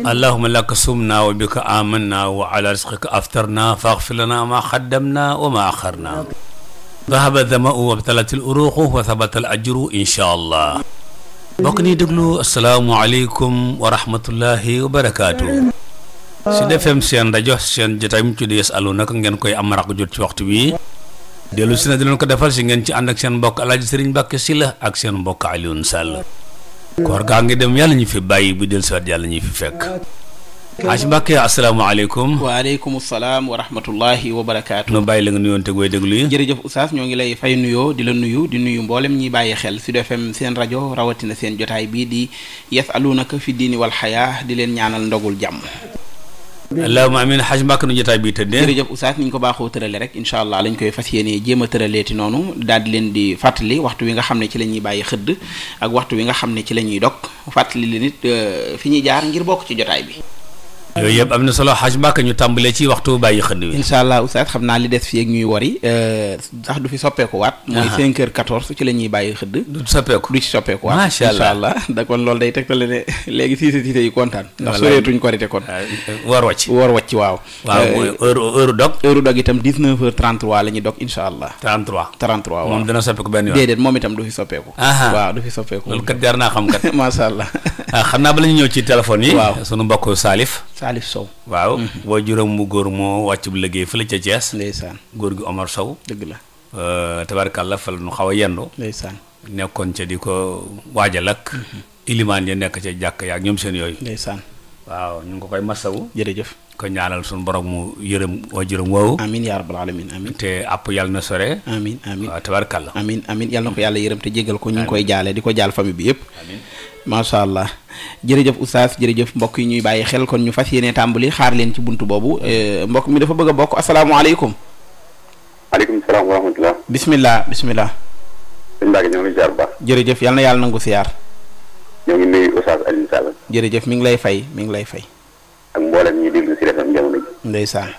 allahuma laka sumna wa bika amanna wa ala risqika aftarna faghfir lana ma qaddamna wa ma axarna dahaba damau wabtalat al uruqu wa thabata al ajru insha allah bokk nii déglu asalaamualeykum wa rahmatullahi wa barakaatu su defem seen rajo seen jotaay ci di Yasalunaka ngeen koy am raq jot ci waxtu wi dellu si na di leen ko defal si ngeen ci ànd ak seen mbokk alaaji Sëriñ Mbàkke Sylla ak seen mbokk Alioune Sall koor gaa ngi dem yàlla ñu fi bàyyi bu del soit yàlla ñu fi fekk Haji Mbàkke asalaamaaleykum waaleykum salaam wa rahmatullahi wa barakaatu nu bàyyi la nga nuyoon te gooy déglu yi jërëjëf oustaz ñoo ngi lay fay nuyoo di la nuyu di nuyu mboolem ñi bàyyi xel Sud FM seen rajo rawatina seen jotaay bii di yasalunaka fi diini wal di leen ñaanal ndogul jàmm allahumma amin xaj mbàkk nu jotaay bi tëddee jërëjëf oustaz ni ñu ko baaxoo tërale rek incha allah lañ koy fas yéene jéem a tëraleeti noonu daal di leen di fàttali waxtu wi nga xam ne ci la ñuy bàyyi xëdd ak waxtu wi nga xam ne ci la dog fàttali leen nit euh, fi ñu jaar ngir bokk ci jotaay bi yooyu yëpp am na solo xaj Mbàkke ñu tàmbalee ci waxtu bàyyi xënd wi incha allah oustaz xam naa li des fii ak ñuy euh, du fi soppeeku waat mooy cinq ci la ñuy bàyyi xëdd du soppeeku ci soppeeku waat macha allah incha kon loolu day tegtale ne léegi siise siise yi kontaan ndax soreetuñ korite kon euh, war wàcc war wàcc waaw waaw euh, heure heure dog heure itam dix neuf la ñuy dog incha allah trente trois trente trois waaw benn yoon itam du fi soppeeku waaw du fi soppeeku loolu kat jaar naa xam kat macha allah ah, xam naa ba la ñu ñëw ci téléphone yi waaw sunu mbokk Salif Salif Sow. waaw boo mhm. juróom bu góor moo wàcc bu liggéey fële ca Thiès. ndeysaan góor gi Omar Sow. dëgg la euh, tabarkàlla fa la nu xaw a yendoo. ndeysaan nekkoon ca di ko waajal ak. Mhm. ilimaan ya nekk ca jàkk yaak ñoom seen yooyu. ndeysaan waaw ñu ngi ko koy masawu. jërëjëf ko ñaanal suñu borom mu yërëm waa juróom woowu. amiin yaa rabbal alamin amiin. te àpp yàlla na sore. amiin amiin waaw tabarkalla. amiin amiin yàlla na ko yàlla yërëm te jégal ko ñu ngi koy jaale di ko jaal famille bi yëpp. amiin macha allah. jërëjëf oustaz jërëjëf mbokk yi ñuy bàyyi xel kon ñu fas yéene tàmbali xaar leen ci buntu boobu eh, mbokk mi dafa bëgg a bokk asalaamaaleykum. maaleykum salaam wa rahmatulah. bisimilah bisimilah. jërëjëf yal na yàlla nangu siyaar. ñoo Sall. jërëjëf mu ngi lay fay mi ngi lay fay. ak mboolem ñu déglu si defam jamono ji. ndeysaan.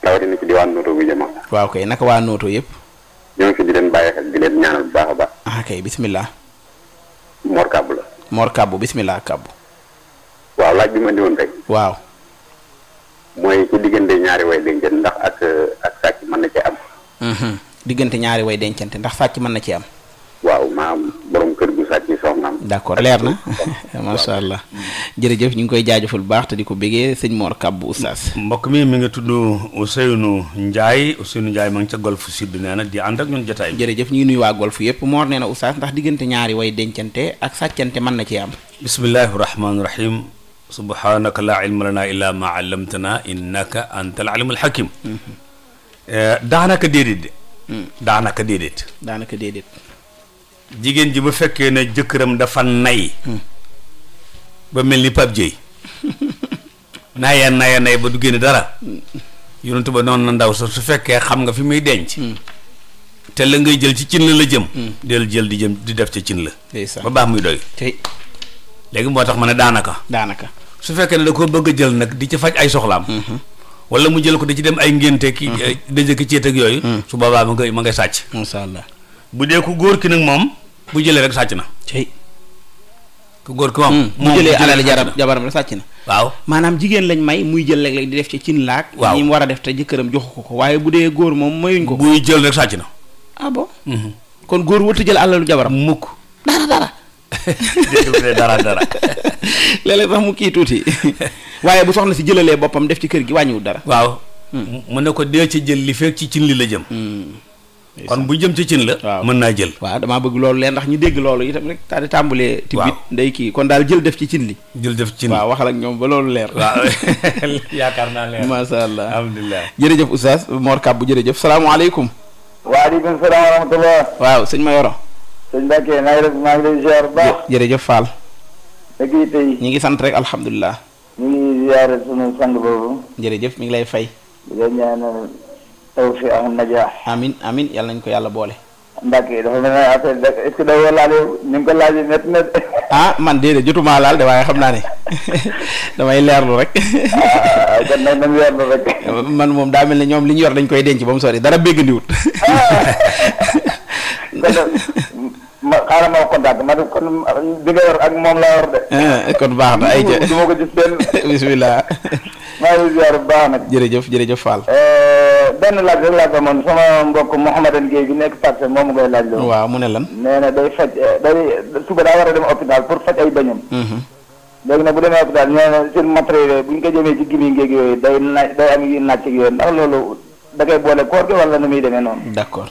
rawatina ci diwaan Noto bu jëmm. waaw kay naka waa Noto yëpp. di leen bàyyi xel di leen ñaanal bu baax baax. ah kay bismillah. Mor Kàbbu la. Mor Kàbbu bismillah Kàbbu. waaw laaj bi ma indi woon tey. waaw. mooy ci diggante ñaari way dencante ndax ak ak sàcc mën na cee am. Mhm. diggante ñaari way dencante ndax sàcc mën na cee am. ma borom leer na macha allah jërëjëf ñu ngi koy jaajëfal bu baax te di ko bégee sëñ Mor Kàbbu Oustaz. mbokk mi mi nga tudd Ousseynou Ndiaye Ousseynou Ndiaye ma ngi ca Golf Sud nee na di ànd ak ñun jotaay jërëjëf ñu ngi waa Golf yëpp Mor nee na Oustaz ndax diggante ñaari way dencante ak sàccante mën na ci am. bismillahi rahmaani rahim. subhaanaka laa ilma lanaa illaa maa allamtanaa innaka antal alimul hakim. Mhm. Eh, mm. daanaka déedéet. daanaka déedéet. daanaka déedéet. jigéen ji ba fekkee ne jëkkëram dafa nay ba mel ni Pape Dieye naya naya nay ba du génne dara yonentu ba noonu na ndaw sa su fekkee xam nga fi muy denc hmm. te la ngay jël ci cin la la jëm hmm. del jël di jëm di def ca cin la ba baax muy doy léegi moo tax ma ne daanaka daanaka su fekkee ne da ko bëgg jël nag di ci faj ay soxlaam hmm. wala mu jël ko di ci dem ay ngénte ki eh, dëjëk ceet ak yooyu su boobaa ma nga ma ngay sàcc macha allah bu dee ku góor ki nag moom bu jëlee rek sàcc na. ku góor ki moom hmm, mu jëlee alal jaram jabaram la sàcc na waaw maanaam jigéen lañ may muy jël léeg-léeg di def ci cin laak waaw mu war a def te jëkkëram joxu ko ko waaye bu dee góor moom mayuñ ko buy jël rek sàcc na ah hmm. kon góor wërta jël alalu jabaram mukk dara dara dara sax mu kii tuuti waaye bu soxna si jëlalee boppam def ci kër gi wàññiwul dara waaw hmm. mu ne ko dee ci jël li fekk ci cin li la jëm kon bu jëm ci cin la waaw mën naa jël waaw damaa bëgg loolu leen ndax ñu dégg loolu itam rek daal di tàmbalee nday kii kon daal jël def ci cin li jël def ci cin waaw waxal ak ñoom ba loolu leer waaw yaakaar naa leer macha allah alhamdulilah jërëjëf oustaz Mor Kab bu jërëjëf salaamaaleykum waaleykum salaam waaw sëñ ma yoro sëñ Mbacke naa ngi def maa ngi lay ziar jërëjëf Fall dëgg ngi sant rek alhamdulilah ñu ngi ziare sunu sang boobu jërëjëf mi ngi lay fay tawfiq ak najaax amin amin yàlla nañ ko yàlla boole Mbacke dafa mel ne affaire bi est-ce que dawoo laal yow ni nga ko laajee métti na de. ah man déedéet jotuma laal de waaye xam naa ne damay leerlu rek. ah kon nag nañ leerlu rek. man moom daa mel ne ñoom li ñu yor dañ koy denc ba mu sori dara béggandiwut. Ah. ma xaaral ma contact ma ne kon bi ak moom laa yor de. Eh, kon baax na ay du ma ko gis benn. maa ngi ziar bu baax nag. jërëjëf jërëjëf Fall. Eh, benn laaj rek laa ko amoon sama mbokk Mouhamadou Guèye bi nekk Pape Sène moomu ngay laaj loolu. waaw mu ne lan. nee na day faj eh, day suba daa war a dem hôpital pour faj ay bañam. Mm-hmm. léegi ne bu demee hôpital nee seen matériel bu ñu ko jëmee ci gimi ngeeg yooyu day na day am yu nàcc yooyu ndax loolu da koy boole koor gi wala nu muy demee noonu. d'accord.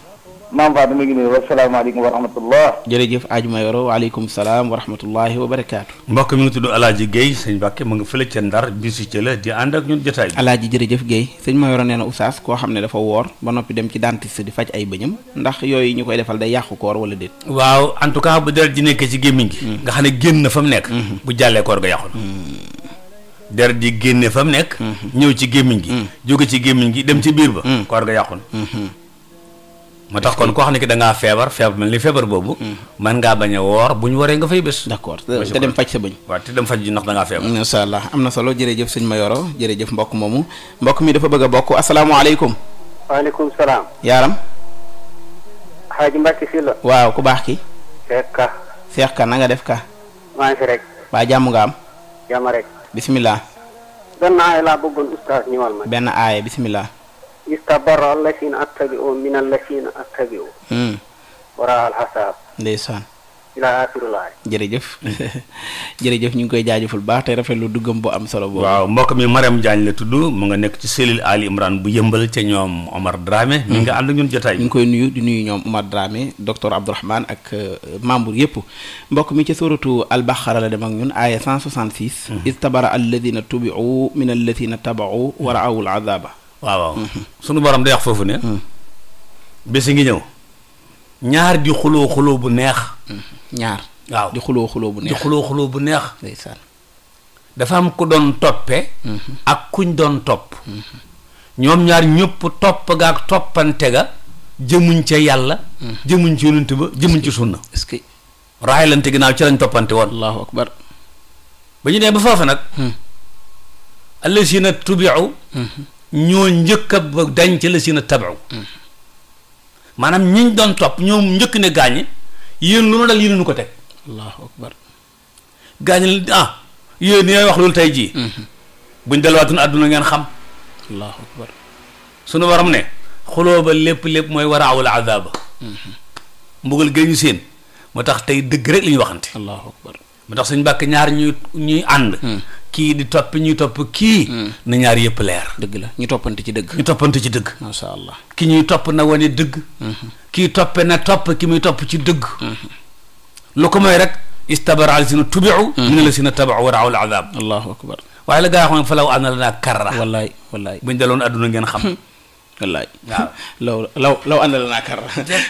maam Fatou mi ngi waa wasalaamaaleykum wa rahmatullah jërëjëf ajuma yoro waaleykum salaam wa rahmatullahi wa barakaatu mbokk mi ngi tudd alaaji Guèye sëñ Mbàkke mu ngi fële ca Ndar bisi ci la di ànd ak ñun jotaay alaaji jërëjëf Guèye sëñ ma yoro nee na oustaz koo xam ne dafa woor ba noppi dem ci dentiste di faj ay bëñam ndax yooyu ñu koy defal day yàqu koor wala déet waaw en tout cas bu deret ji nekkee ci gémmiñ gi mm. nga xam ne génn na fa mu nekk mm-hmm. bu jàllee koor ga yàqu mm. di génne fa mu nekk mm-hmm. ñëw ci gémmiñ gi mm. jóge ci gémmiñ gi dem ci biir ba koor ga yàqu moo tax kon koo xam ne ki da feebar feebar mel ni feebar boobu man hmm. ngaa bañ woor bu ñu waree nga fay bés d'accord te dem faj sa bëñ waaw te dem faj ji ndax da ngaa feebar insha allah am na solo jërëjëf sëñ Mayoro jëf mbokk moomu mbokk mi dafa bëgg a bokk asalaamaaleykum waaleykum salaam yaaram xaaji Mbàkke waaw ku baax ki Seex Ka Seex na nga def ka maa ngi jàmm nga am jàmm benn aaya laa bëggoon oustaz ñëwal ma benn aaya bisimilah istabara allazina attabio min allazina attabio wara alxasaab ndeysaan ilaa jërëjëf jërëjëf ñu ngi koy jaajëful baax te rafet lu duggam bu am solo boobu waaw mbokk mi Mariam Diagne la tudd mu nga nekk ci cellule Ali Imran bu yëmbal ca ñoom Omar Dramé mu hmm. nga ànd ñun jotaay ñu ngi koy nuyu di nuyu ñoom Omar Dramé docteur Abdourahmane ak euh, membre yëpp mbokk mi ca suratu albaqara la dem ak ñun aaya 166 hmm. istabara alladina tubiu min alladina tabau wa raawul azaba waaw waaw mm-hmm. sunu borom day wax foofu ne mm-hmm. bési ngi ñëw ñaar di xuloo xuloo bu neex mm-hmm. xuloo bu neex dafa am ku doon toppe ak kuñ doon topp ñoom ñaar ñëpp topp ga ak toppante ga jëmuñ ca yàlla jëmuñ ci yonent ba jëmuñ ci sunna est-ce que raayalante ginnaaw ci lañ toppante woon allahu akbar ba ñu nee ba foofa nag allazina tubiu ñoo njëkk a dañ ci la si na tabaxu mm. maanaam ñiñ doon topp ñoom njëkk ne gaañi yéen lu nu dal yéen nu ko teg allahu akbar gaañi ah yéen ñooy wax loolu tey jii mm-hmm. buñ delluwaatoon àdduna ngeen xam allahu akbar suñu waram ne xuloo ba lépp lépp mooy war a awul azaba mm-hmm. mbugal géeñu seen moo tax tey dëgg rek li ñu waxante allahu akbar moo tax suñ mbàkk ñaar ñuy ñuy ànd mm. kii di topp ñuy topp kii. Hmm. na ñaar yëpp leer. dëgg la ñu toppante ci dëgg. ñu toppante ci dëgg. macha allah ki ñuy topp na wane dëgg. Hmm. kii toppe na topp ki muy topp ci dëgg. Hmm. lu ko mooy rek. istabara alsina tubiu. mina lasina tabaxu wa raaw alazaab. allahu akbar waaye la gaa xam ne fa law anna lanaa karra. adduna ngeen xam. wallaay waaw law law law ànd la naakar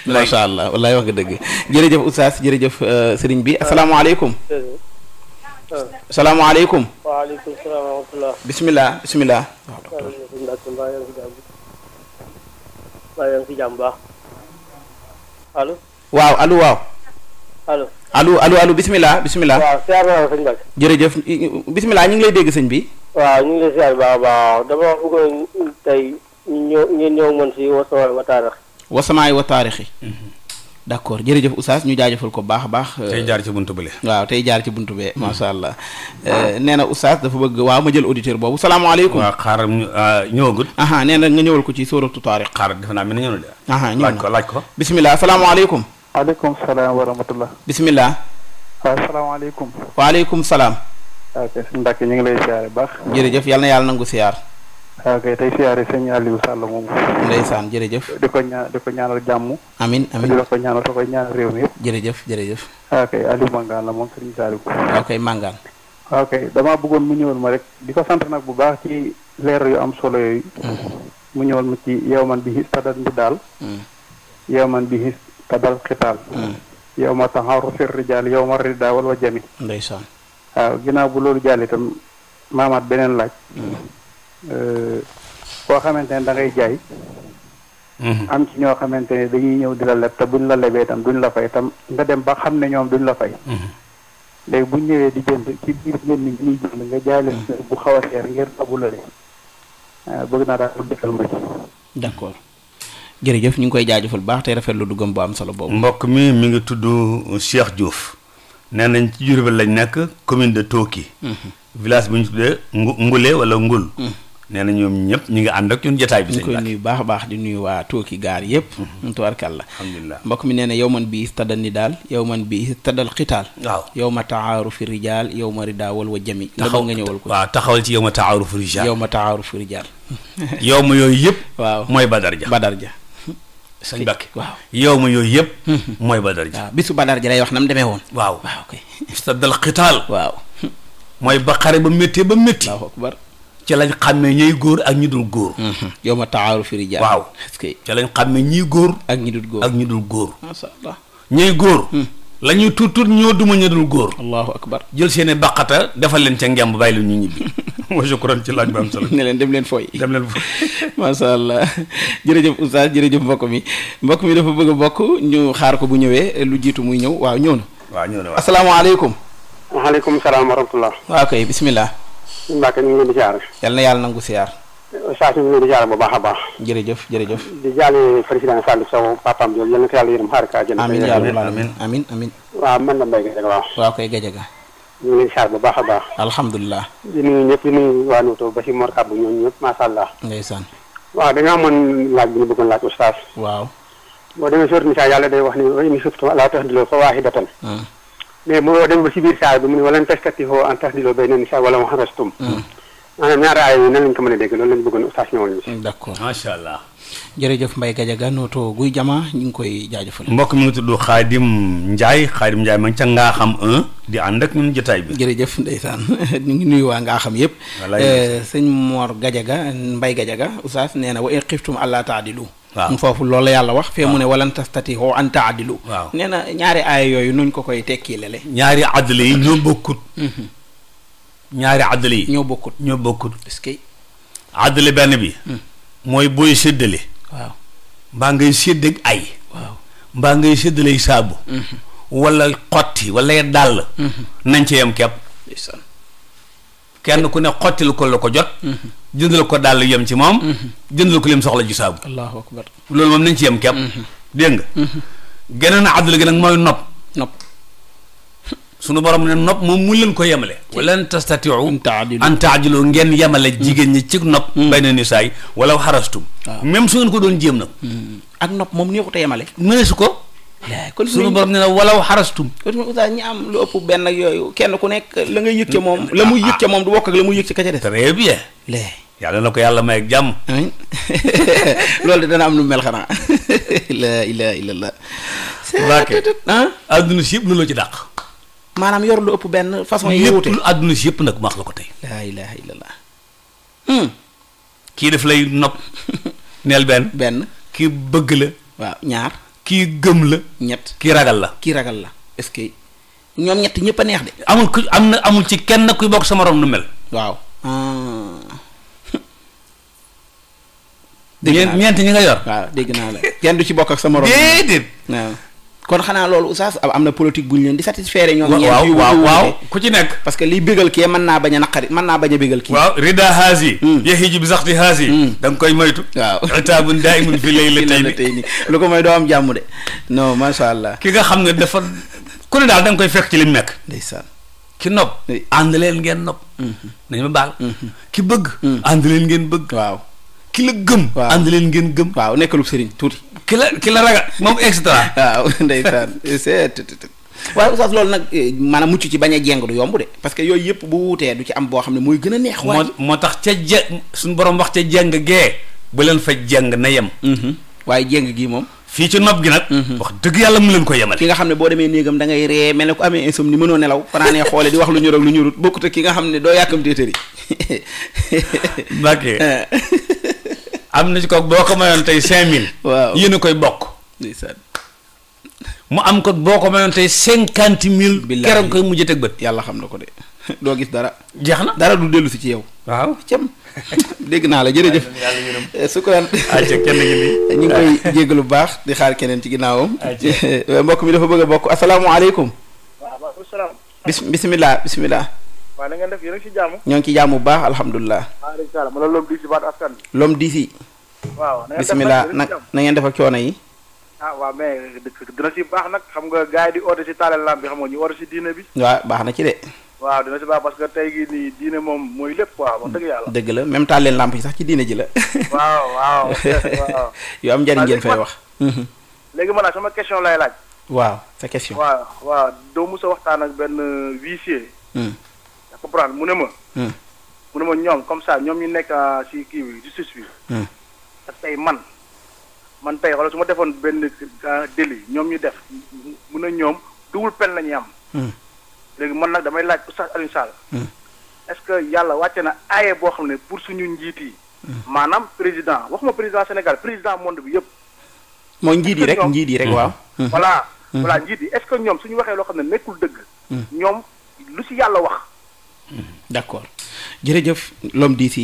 macha allah wallaay wax nga dëgg jërëjëf oustaz jërëjëf euh, sëriñ bi asalaamaaleykum salaamaaleykum. waaleykum bisimilah bisimilah. waaw docteur mbaa waaw allo waaw. allo allo allo bisimilah bisimilah. waaw siyaar naa la sëñ Mbacke. jërëjëf bisimilah ñu ngi lay dégg sëñ bi. waaw ñu ngi lay siyaar baax a baax dama bëggoon tey ñu ñëw ñu man si wasamaay wa wasamaay wa d' accord jërëjëf Oustaz ñu jaajëfal ko baax a baax. Euh, tey jaar ci buntu bële. waaw tey jaar ci buntu be hmm. macha allah. Ah. Euh, nee na Oustaz dafa bëgg waaw ma jël auditeur boobu salaamaaleykum. waaw xaaral ah, ñëwagul. nee na nga ñëwal ko ci sóoratu Taariq. xaaral defe naa mel na ñëw na de. laaj ko laaj ko. bisimilah salaamaaleykum. waaleykum salaam wa rahmatullah. bisimilah. waaw waaleykum salaam. ok Mbacke ñu ngi lay siyaare baax. jërëjëf yal na yàlla nangu siyaar. waaw ah, kay tey siyaare sëñ Aliou Sall moom. ndeysaan jërëjëf. di ko ñaan di ko ñaanal jàmm. amin amin di la réew yëpp. jërëjëf jërëjëf. waaw ah, kay Aliou Mangane la ah, bëggoon mu ñëwal ma rek di ko sant bu baax ci leer yu am solo yooyu. Mm-hmm. mu ñëwal ma ci yow man bi his tadal mbidaal. Mm. Mm. ma taxaw fir rijaal yow ma ridaa wal wa jami. loolu jàll itam maamaat beneen laaj. Mm. Euh, koo xamante ne dangay ngay jaay. Mhm. am ci ñoo xamante ne dañuy ñëw di la leb te buñ la lebee itam duñ la fay itam nga dem ba xam ne ñoom duñ la fay. Mhm. léegi buñ ñëwee di jënd ci biir ñenn ñi ñuy jënd nga jaay leen mhm. bu xaw a seer ngir abula leen ah, bëgg naa daal defal ma ci. d' jërëjëf ñu ngi koy jaajëfal baax tey rafetlu duggam bu am solo boobu. mbokk mi mi ngi tudd Cheikh Diouf nee nañ ci Diourbel lañ nekk commune de Toki. village bu ñu tuddee Ngule wala nee na ñoom ñëpp ñu ngi ànd ak ñun jotaay bi. ñu koy nuyu a baax di nuyu waa tooki gaar yëpp. Mhm. tubarkalla alhamdulilah mbokk mi nee na yow man bi istadal nidaal yow yow ma taxaarufi rijaal yow ma ridaawal nga ñëwal ko waaw taxawal ci yow ma taxaarufi rijaal yow ma taxaarufi rijaal. yow ma yooyu yëpp. waaw mooy Badar ja Badar ja. sëñ Bakke waaw ma yooyu yëpp. Mhm. mooy Badar ja waaw bisu ja wax nam demee woon. waaw waaw kay. istadal xitaal. waaw. mooy ba ba méttee ba métti. ci lañ xàmmee ñuy góor ak ñu dul góor. Mhm. yow ma taaru fi rijaal waaw ci lañ xàmmee ñuy góor. ak ñu dul góor ak ñu dul góor. macha allah ñuy góor. Hmm. la ñuy tuut tuut ñoo duma ñu dul góor. allahu akbar jël seen i defal leen ca ngemb bàyyi la ñu ñibbi. moo sukkuran ci laaj ba am solo. leen dem leen fooy. dem leen fooy. macha allah jërëjëf oustaz jërëjëf mbokk mi mbokk mi dafa bëgg a bokk ñu xaar ko bu ñëwee lu jiitu muy ñëw waaw ñëw na. waaw ñëw na asalaamaaleykum. waaleykum salaam wa rahmatullah. suñu Mbàkke ñu ngi leen di siyaar. yal na yàlla nangu siyaar. saa si ñu ngi leen di siyaar bu baax a baax. jërëjëf jërëjëf. di jaale président Sall Sow papaam jooju yal na ko yàlla yërëm xaar ka jënd. amiin yaa rabbal aalamiin amiin amiin. waaw man la Mbaye Gajaga waaw. waaw koy Gajaga. ñu ngi leen di siyaar bu baax a baax. alhamdulilah. di nuyu ñëpp di nuyu waa Noto ba si Mor Kàbb ñoom ñëpp macha allah. ndeysaan. waaw dañoo amoon laaj bu ñu bëggoon laaj oustaz. waaw. boo demee sóor Nisaa yàlla day wax ni wa in xiftum allaa ta'dilu fa waahidatan hmm. mais mu dem ba biir saar bi mu ne walan tastatihoo an tahdiloo bayna nisaa wala harastum hmm. ko mën a dégg loolu lañ bëggoon ustaas ñëwal ñu si d'accord macha allah jërëjëf Mbaye Gadiaga noto guy jama ñu ngi koy jaajëfal mbokk mi ngi tudd Xaadim Njaay Xaadim Njaay ma ngi ca ngaa xam di ànd ak ñun jotaay bi jërëjëf ndeysaan nu ngi nuyu waa ngaa xam yëpp sëñ Mor Gadiaga Mbaye Gadiaga ustaas nee na wa in xiftum allaa taadilu waaw foofu loolu yàlla wax fee mu ne walan tastatixoo an taadilu waaw nee na ñaari aaya yooyu nuñ ko koy tekki lele ñaari adl yi ñoo bokkut mm-hmm. ñaari adl yi ñoo bokkut ñoo bokkut est que adl benn bi mm. mooy booy séddale waaw mbaa ngay séddeg ay mbaa ngay séddale saabu mm-hmm. wala xotti wala dàll mm-hmm. nañ ci yem kepp kenn ku ne xottil ko la ko jot jëndla ko dàll yem ci moom mm-hmm. jëndal ko leen soxla ji saabu allahu akbar loolu moom nañ ci yem kepp mm-hmm. dégg nga mm-hmm. geneen àddula gi nag mooy nopp nopp sunu borom ne nopp moom mu leen ko yemale walan tastatiu an taadilu ngeen yemale jigéen ñi ci nopp bay na nisaay wala xarastum même su ngeen ko doon jéem nag ak nopp moom nii ko yemale mëneesu ko kon suñu borom ne na am lu benn ak yooyu kenn ku nekk la ngay yëg moom la ah, ah. ca moom du bokk ak la muy yëg ca ka ca des très bien ko yàlla may jàmm loolu de dana am lu mel xanaa la ilaha illallah waake ah adduna si yëpp loolu ci dàq maanaam yor lu benn façon yi wute yëpp nag maax la ko tey la ilaha illallah hmm. kii def lay nopp neel benn benn kii bëgg la waaw ñaar kii gëm la. ñett kii ragal la. kii ragal la est-ce que ñoom ñett ñëpp a neex de. amul ku am na amul ci kenn kuy bokk sa morom nu mel. waaw. dégg naa ñeent ñi nga yor. waaw dégg naa la kenn du ci bokk ak sa morom. déedéet waaw. kon xanaa loolu oustaz am na politique bu ñu leen di satisfaire ñoom ñeent waaw waaw ku ci nekk parce que liy bégal kee man naa bañ a naqari mën naa bañ a bégal kii waaw rida haas yi hmm. yehi ji bi saxti haas hmm. da nga koy moytu waaw itaabun daa imun fi lay la tey lu ko mooy doo am macha allah ki nga xam ne dafa ku ne daal danga koy fekk ci lim nekk saa ki nopp ànd leen ngeen nopp hmm. nañ ma baal ki bëgg ànd leen ngeen bëgg waaw kila gëm. waaw ànd leen ngeen gëm. waaw nekkalu sëriñ tuuti. ki la ki la ragal moom extra. waaw ndeysaan c'est waaye oustaz loolu nag eh, maanaam mucc ci bañ a jeng du yomb de parce que yooyu yëpp bu wuutee du ci am boo xam ne mooy gën a neex. waaye moo tax ca je suñu borom wax ca jeng gee ba leen fa jeng na yem. Mm-hmm. waaye jeng gii moom. fii ci nopp gi nag. Mm-hmm. wax dëgg yàlla mu leen ko yemal. ki nga xam ne boo demee néegam da ngay ree mel ne ku amee insomnie mënoo nelaw fanaanee xoole di wax lu ñor ak lu ñorut bokkut ak ki nga xam ne doo yàkkamtee tëri. Eh. am na ci kook boo ko mayoon tey cinq mille. waaw yéen koy bokk. ndeysaan mu am ko boo ko mayoon tey cinquante mille. billaay keroog koy mujjee teg bët. yàlla xam na ko de doo gis dara. jeex na dara du dellu ci yow. waaw cam dégg naa la jërëjëf. su ko daan kenn gi ñu koy jégg lu baax di xaar keneen ci ginnaawam. Eh, mbokk mi dafa bëgg a bokk asalaamaaleykum. waaw maaleykum salaam. bis waaw na ngeen def yéen ci jàmm. ñoo ngi ci jàmm bu baax alhamdulilah. maaleykum salaam man la Lom Disi baat askan bi. na na ngeen def ak coono yi. Ah, waaw mais dina ci baax nag xam nga gars yi di oote ci taalel lam bi xam nga ñu oote ci diine bi. waaw baax na ci de. waaw dina ci baax parce que tey gi nii diine moom mooy lépp waaw wax dëgg yàlla. dëgg la même taalel lamp yi sax ci diine ji la. waaw waaw am njëriñ ngeen fay wax. Mhm. léegi man sama question lay laaj. waaw sa question. waaw waaw doo mos waxtaan ak benn huissier. Mhm. comprendre mu ne ma. Hmm. mu ne ma ñoom comme ça ñoom ñu nekk euh, si kii bi justice bi. te hmm. tey man man tey wala su ma defoon benn euh, délit ñoom ñu def mu ne ñoom double pen la ñuy am. Hmm. léegi man nag damay laaj oustaz Alioune Sall. est-ce que yàlla wàcce na aaye boo xam ne pour suñu njiit yi. maanaam président waxuma président Sénégal président monde bi yëpp. mooy njiit yi rek njiit yi rek waaw. voilà voilà njiit yi est-ce que ñoom su ñu waxee loo xam ne nekkul dëgg. ñoom lu si yàlla wax. d' accord jërëjëf l'homme d'ici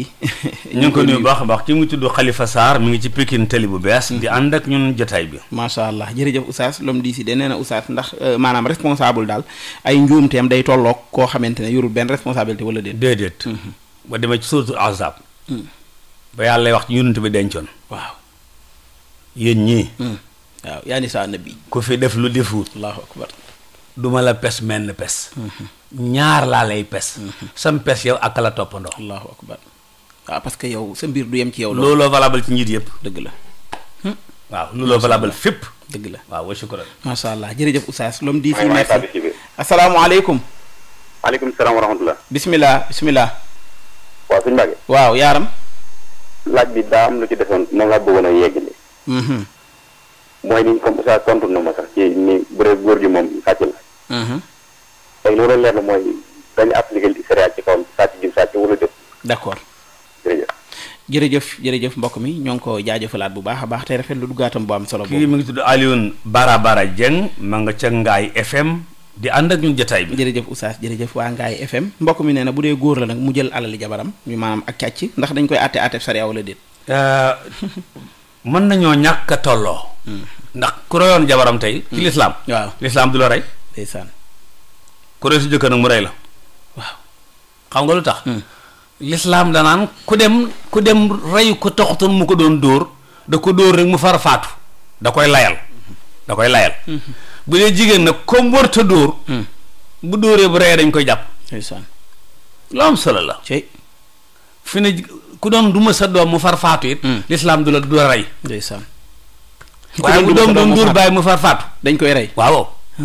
ñu ngi ko nuyu baax a baax ci mu tudd Khalifa Sarr mu ngi ci Pikine tali bu bees di ànd ak ñun jotaay bi macha allah jërëjëf oustaz l'homme d'ici de nee na oustaz ndax euh, maanaam responsable daal ay njuumteem day tollook koo xamante ne yorul benn responsabilité wala déet déedéet mhm. ba demee ci suratul ahzab mhm. ba yàlla lay wax ci yonent bi dencoon waaw yéen ñii mhm. waaw yaa nisaa nabi ku fi def lu defut du ma la pes menn pes ñaar laa lay pes sam pes ak la toppandoo allahu akbar waaw ah, parce que sa mbir du yem ci yow looloo valable ci njiit yëpp dëgg la hmm? waaw looloo valable fépp dëgg la waaw wa shukran macha allah jërëjëf oustaz loom di wa rahmatullah waaw suñu Mbàkke waaw yaaram laaj bi daa am lu ci defoon moom laa bëggoon hmm, hmm. na ma sax moom sàcc la Uh-huh. tey loolu leer na jërëjëf. jërëjëf mbokk mi ñoo ngi ko jaajëfalaat bu baax a baax te rafet lu duggaatam bu am solo boobu. kii mu ngi tudd Alioune Bara Bara Dieng ma nga ca ngaay FM di ànd ak ñu jotaay bi. jërëjëf Oustaz jërëjëf waa Ngaye FM mbokk mi nee na bu dee góor la nag mu jël alali jabaram ñu maanaam ak càcc ndax dañ koy àtte àtte sariya wala déet. Euh, mën nañoo ñàkk a tolloo. Hmm. ndax ku rayoon jabaram tey. ci hmm. lislaam waaw lislaam du la rey. ndeysaan ku mu rey la nga lu tax hmm. lislaam danaan ku dem ku dem rey ko toxutoon doon dóor da ko dóor rek mu far faatu da koy layal da layal hmm. jigéen nag comme warta dóor hmm. bu dóoree dañ koy jàpp solo la fi ne doon duma sa doom mu far faatu it lislaam du la du la rey waaye bu doom doon dóor bàyyi mu far faatu dañ koy rey waaw ah.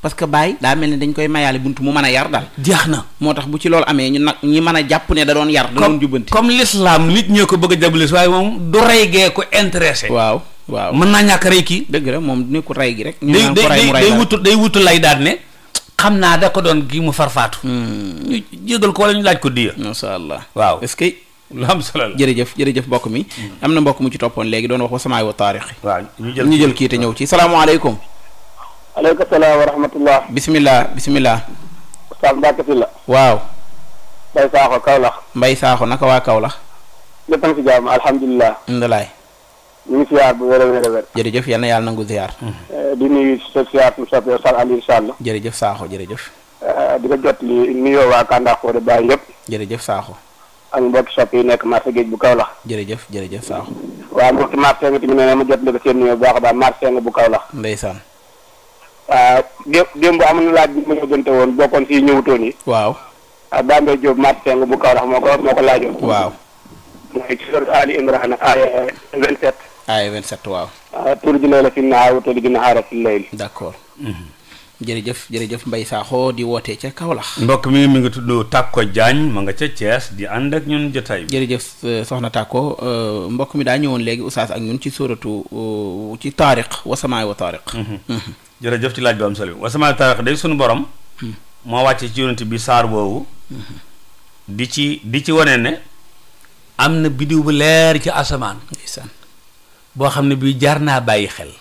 parce que Baye daa mel ni dañ koy mayaale bunt mu mën a yar daal. jeex na moo tax bu ci loolu amee ñu nag ñi mën a jàpp ne da doon yar. da doon jubbanti comme l'islam nit ñoo ko bëgg a jàppale waaye moom du rey gee ko intéressé. waaw waaw mën naa ñàkk rey kii. dëgg la moom nekkul rey gi rek. ñu naan ko rey mu rey day wutu day wutu lay daal ne. xam naa da ko doon gi mu farfaatu. Hmm. ñu jégal koo wala ñu laaj ko diya. macha allah waaw est-ce que. lu am solo la jërëjëf jërëjëf mbokk mi. Hmm. am na mbokk mu ci toppoon léegi doon wax wa samaay wa taarix. waaw ñu jël ñu jël kii te ñëw ci salaamaaleykum aleykum salaam wa rahmatullah bismillah bismillah Oustaz Mbacké Sylla waaw Mbaye Sakho Kaolack Mbaye Sakho naka waa Kaolack lépp na si jàmm alhamdulilah alhamdulilah ñu ngi bu wér a wér a wér jërëjëf yal na yàlla nangu ziyaar hmm. eh, di nuyu sa siyaar suñu soppe jërëjëf Sakho jërëjëf eh, di ko jot li nuyoo waa Kandakoo de bàyyi yëpp jërëjëf Sakho ak mbokki sopp yi nekk marché géej bu Kaolack jërëjëf jërëjëf Sakho waaw mbokki marché nga tamit nee ma jot li ko seen nuyoo baax a baax nga bu Kaolack ndeysaan waaw dé démb amoon na laaj bi ma yóbbante woon bokkoon fii ñëwutoon yi. waaw. ah Bambey Diop Mate Seng bu Kaolack moo ko moo ko laajoon. waaw. mooy ci sourate Ali Imran aaya 27. aaya 27 waaw. ah tur ji la fi naaw te li gën a aara fi layl. jërëjëf jërëjëf mbay Sakho di wootee ca Kaolack. mbokk mi mu ngi tudd Takko Diagne ma nga ca Thiès di ànd ak ñun jotaay bi. jërëjëf euh, soxna Takko euh, mbokk mi daa ñëwoon léegi oustaz ak ñun ci sóoratu euh, ci taariq wasamaay wa taariq. Mhm. Mhm. jërëjëf ci laaj bi am solo wasamaay wa taariq day sunu borom. Mhm. moo wàcce ci yonent bi saar boobu. di ci di ci wane ne. am na biddiw bu leer ci asamaan. ndeysaan boo xam ne bii jaar naa bàyyi xel.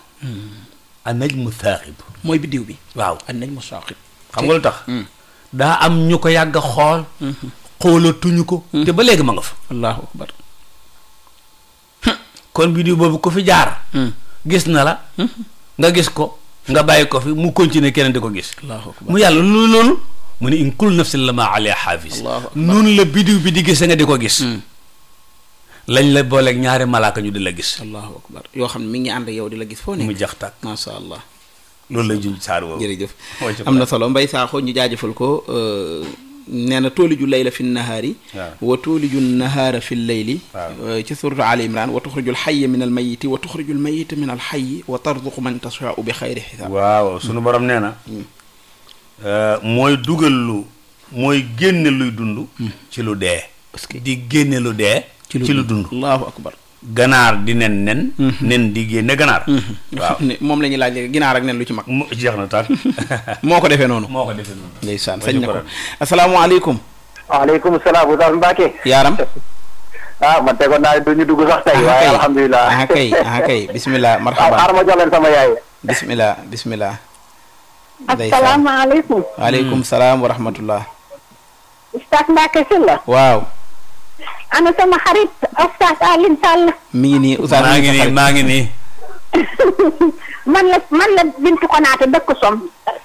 a anajmu saaxib mooy biddiw bi waaw a mu saaxib xam nga lu tax hmm. daa am ñu ko yàgg a xool hmm. xoolatuñu ko hmm. te ba léegi ma nga fa allahu akbar kon biddiw boobu ku fi jaar gis na la nga gis ko nga bàyyi ko fi mu continuer keneen di ko gis allahu akbar mu yàlla lu loolu mu ne in kullu nafsin la maa aleyha xaafis noonu la biddiw bi di gis nga di ko gis lañ la booleeg ñaari malaaka ñu di la gis. allahu akbar yoo xam ne mi ngi ànd yow di la gis. foo nekk mu jax tàkk macha allah. loolu lay junj saar woowu jërëjëf. am na solo Mbay Saaxo ñu jaajëfal ko nee na tooliju layla fi nahaari wa tooliju nahaara fi layli ci suratu ali imran wa tuxriju alxaya min almayiti wa tuxriju almayita min alxayi wa tarzuqu man tashaau bi xayri xisaab waaw sunu borom nee na mm. mooy dugal lu mooy génne luy dund mm. ci lu dee di génne lu dee ci lu dund allahu akbar ganaar di nen nen mm-hmm. nen di génne ganaar mm-hmm. moom la ñuy laaj léegi ginaar ak nen lu ci mag jeex na moo ko defee noonu moo ko defee noonu ndeysaan sañ na ko asalaamaaleykum waaleykum salaam Oustaz Mbacké yaaram ah man tegoon naa du ñu dugg sax tey waaye ah, alhamdulilah waaw ana sama xarit Oustaz Alioune Sall. mi ngi nii Oustaz ngi nii maa ngi nii. man la man la Bintu Konaate dëkk Som.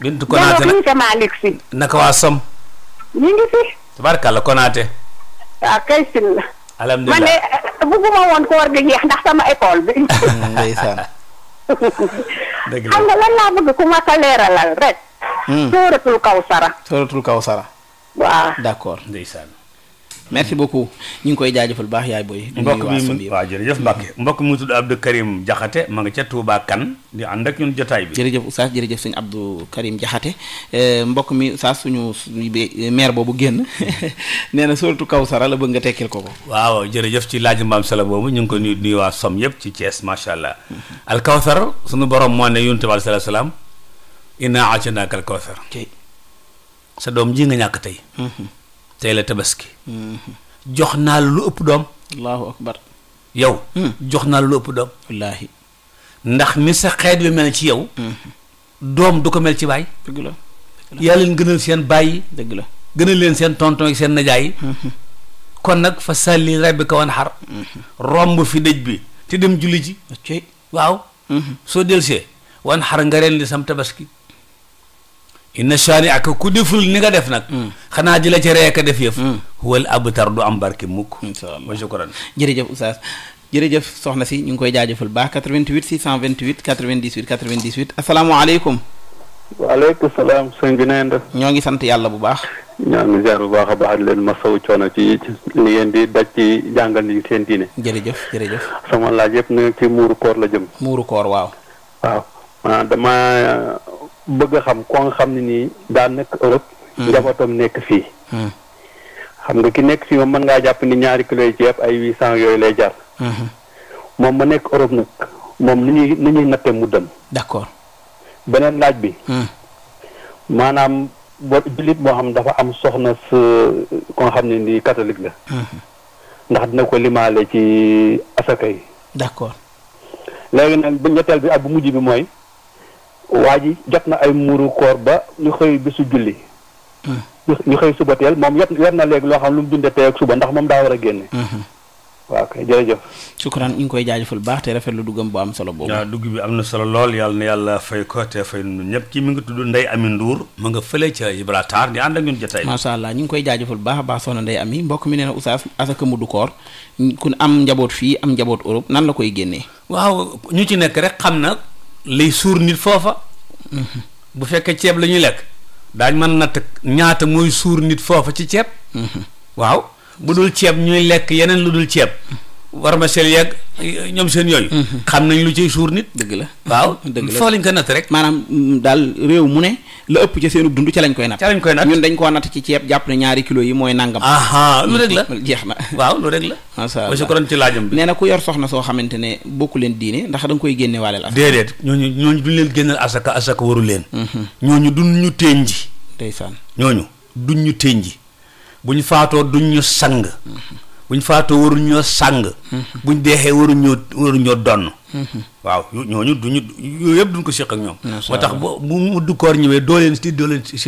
Bintu Konaate nag jërëjëf Malick si. waa Som. ñu ngi fi. tabarkàlla Konaate. Ah, waaw kay si la. alhamdulilah man de eh, koor gi jeex ndax sama école bi. ndeysaan. dëgg la nga lan laa bëgg ku ma ko leeralal rek. Hmm. sóoratul kaw sara. sóoratul kaw sara. merci beaucoup ñu ngi koy jaajëfal baax yaay booy. mbokk mi waaw jërëjëf Mbacke mbokk mi mu tudd Abdou Karim ma nga ca Touba kan di ànd ak ñun jotaay bi. jërëjëf Oustaz jërëjëf sëñ Abdou Karim Jaxate eh, mbokk mi Oustaz suñu eh, maire boobu génn nee na surtout Kawsara la bëgg nga tekkil ko ko. waaw jërëjëf ci laaj maam sala boobu ñu ngi ko nuyu nuyu waa Somm yëpp ci Thiès macha allah. al Kawsar suñu borom moo ne yonent bi alayhi salaam inna a'taynaaka al Kawsar. sa doom ji nga ñàkk tey mhm. tey la tabaski. Mm-hmm. jox naa lu ëpp doom. allahu akbar. yow. Mm. jox naa la lu ëpp doom. wallaahi. ndax ni sa xeet bi mel ci yow. Mm-hmm. doom du ko mel ci baay. dëgg la yaa leen seen baay yi. dëgg la gënal leen seen tonton seen najaay yi. Mm-hmm. kon nag fa salli rabbika wanhar romb fi dëj bi. te dem julli ji. waaw. soo delsee wan xar nga ren li sam tabaski. inna shaani ak ku deful ni nga def nag mm. xanaa ji la ca reeka def yëf mm. wal abtar du am barke mukk insha allah wa shukran jërëjëf soxna si ñu ngi koy jaajëfal baax 88 628 98 98 asalaamaaleykum waaleykum salaam sëñ bi neen def ñoo ngi sant yàlla bu baax ñoo ngi ziar bu baax a baax ma leen masawu coono ci li yen di daj ci jàngal ni seen diine jërëjëf jërëjëf sama laaj yëpp nag ci muuru koor la jëm muuru koor waa bëgg xam ko xam ne nii daan nekk Europe. Hmm. njabootam nekk fii. Hmm. xam nga ki nekk fii moom mën ngaa jàpp ni ñaari kilo yi ceeb ay huit cent yooyu lay jar. Hmm. moom ma nekk Europe nag moom ni ñuy ni ñuy natte mu dem. d'accord beneen laaj bi. maanaam bo jullit moo xam dafa am soxna su ko xam ne nii katolik la. ndax dina ko limaale ci asaka yi. d'accord léegi nag bu ñetteel bi ak bu mujj bi mooy. waa ji jot na ay muuru koor ba ñu xëy bisu julli. Hmm. ñu xëy suba teel moom yot na léegi loo xam lu mu dundee tey ak suba ndax moom daa war a génne. Hmm. waaw kay jërëjëf. sukkuraan ñu ngi koy jaajëfal baax bu am solo boobu. waaw dugg bi na solo lool yàlla na yàlla fay ko te fay ñëpp ci mi ngi tudd Ndeye Ami ma nga fële ca Ibrataar di ànd ak ñun jotaay. macha ñu ngi koy jaajëfal baax a baax soxna Ndeye Ami mbokk mi nee na asaka mu du ku am njaboot fii am njaboot Europe nan la koy génne waaw ñu ci nekk rek xam na lay suur nit foofa bu fekkee ceeb lañuy lekk daañ mën natt ñaata mooy suur nit foofa ci ceeb mm-hmm. waaw bu dul ceeb ñuy lekk yeneen lu dul ceeb war ma sel yeeg ñoom seen yooyu. Mm-hmm. xam nañ lu ciy suur nit. dëgg la waaw dëgg la foo lañ ko natt rek. maanaam mm, daal réew mu ne la ëpp ca seenu dund ca lañ koy natt. ñun dañ koo natt ci ceeb jàpp ne ñaari kilos yi mooy nangam. lu rek la jeex na. waaw lu rek la. macha allah monsieur Koron ci laajam bi. nee na ku yor soxna soo xamante ne bokku leen diine ndax da nga koy génne waaleel asaka. déedéet ñooñu ñooñu duñ leen génneel asaka asaka waru leen. Mm-hmm. ñooñu duñ ñu téen ji. ndeysaan ñooñu duñ ñu téen ji bu ñu faatoo duñ ñu buñ faatoo waruñoo sàng. buñ deexee waruñoo waruñoo donn. waaw ñooñu duñu yooyu yëpp duñ ko séq ak ñoom. moo tax bu bu mudd koor ñëwee doo leen si doo leen si